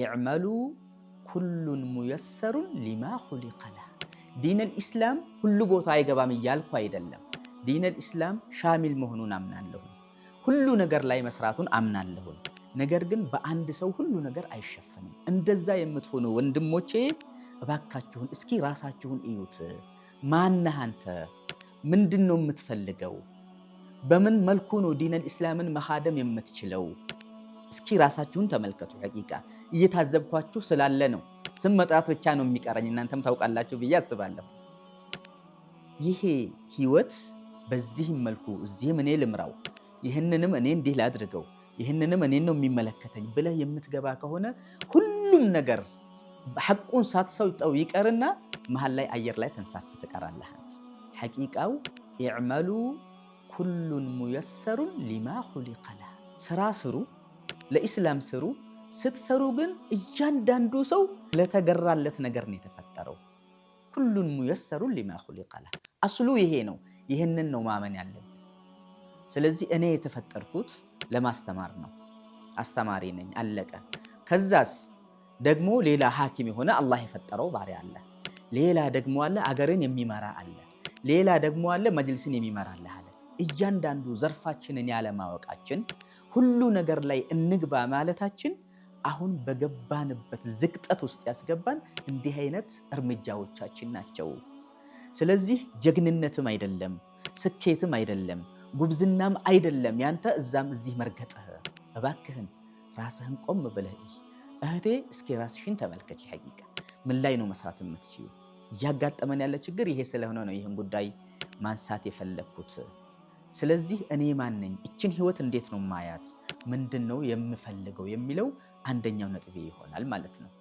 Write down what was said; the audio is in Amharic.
ኢዕመሉ ኩሉን ሙየሰሩን ሊማ ሁሊቀላ ዲነል ኢስላም ሁሉ ቦታ አይገባም እያልኩ አይደለም። ዲነል ኢስላም ሻሚል መሆኑን አምናለሁን፣ ሁሉ ነገር ላይ መስራቱን አምናለሁን። ነገር ግን በአንድ ሰው ሁሉ ነገር አይሸፈንም። እንደዛ የምትሆኑ ወንድሞቼ እባካችሁን እስኪ ራሳችሁን እዩት። ማነህ አንተ? ምንድን ነው የምትፈልገው? በምን መልኩ ነው ዲነል ኢስላምን መኻደም የምትችለው? እስኪ ራሳችሁን ተመልከቱ። ሐቂቃ እየታዘብኳችሁ ስላለ ነው። ስም መጥራት ብቻ ነው የሚቀረኝ። እናንተም ታውቃላችሁ ብዬ አስባለሁ። ይሄ ህይወት በዚህም መልኩ እዚህም እኔ ልምራው፣ ይህንንም እኔ እንዲህ ላድርገው፣ ይህንንም እኔ ነው የሚመለከተኝ ብለህ የምትገባ ከሆነ ሁሉም ነገር ሐቁን ሳትሰውጠው ይቀርና መሀል ላይ አየር ላይ ተንሳፍ ትቀራለህ። ሐቂቃው ኢዕመሉ ኩሉን ሙየሰሩን ሊማ ሁሊቀላ ስራ ስሩ ለኢስላም ስሩ። ስትሰሩ ግን እያንዳንዱ ሰው ለተገራለት ነገር ነው የተፈጠረው። ሁሉን ሙየሰሩ ሊማ ኹሊቀ አስሉ ይሄ ነው። ይህንን ነው ማመን ያለብን። ስለዚህ እኔ የተፈጠርኩት ለማስተማር ነው። አስተማሪ ነኝ፣ አለቀ። ከዛስ ደግሞ ሌላ ሐኪም የሆነ አላህ የፈጠረው ባሪ አለ። ሌላ ደግሞ አለ አገርን የሚመራ አለ። ሌላ ደግሞ አለ መጅልስን የሚመራ አለ። እያንዳንዱ ዘርፋችንን ያለማወቃችን ሁሉ ነገር ላይ እንግባ ማለታችን አሁን በገባንበት ዝቅጠት ውስጥ ያስገባን እንዲህ አይነት እርምጃዎቻችን ናቸው። ስለዚህ ጀግንነትም አይደለም፣ ስኬትም አይደለም፣ ጉብዝናም አይደለም ያንተ እዛም እዚህ መርገጥህ። እባክህን ራስህን ቆም ብለህ እህቴ፣ እስኪ ራስሽን ተመልከች። ሀቂቃ ምን ላይ ነው መስራት የምትችይው? እያጋጠመን ያለ ችግር ይሄ ስለሆነ ነው ይህን ጉዳይ ማንሳት የፈለግኩት። ስለዚህ እኔ ማን ነኝ? እችን ህይወት እንዴት ነው ማያት? ምንድን ነው የምፈልገው? የሚለው አንደኛው ነጥቤ ይሆናል ማለት ነው።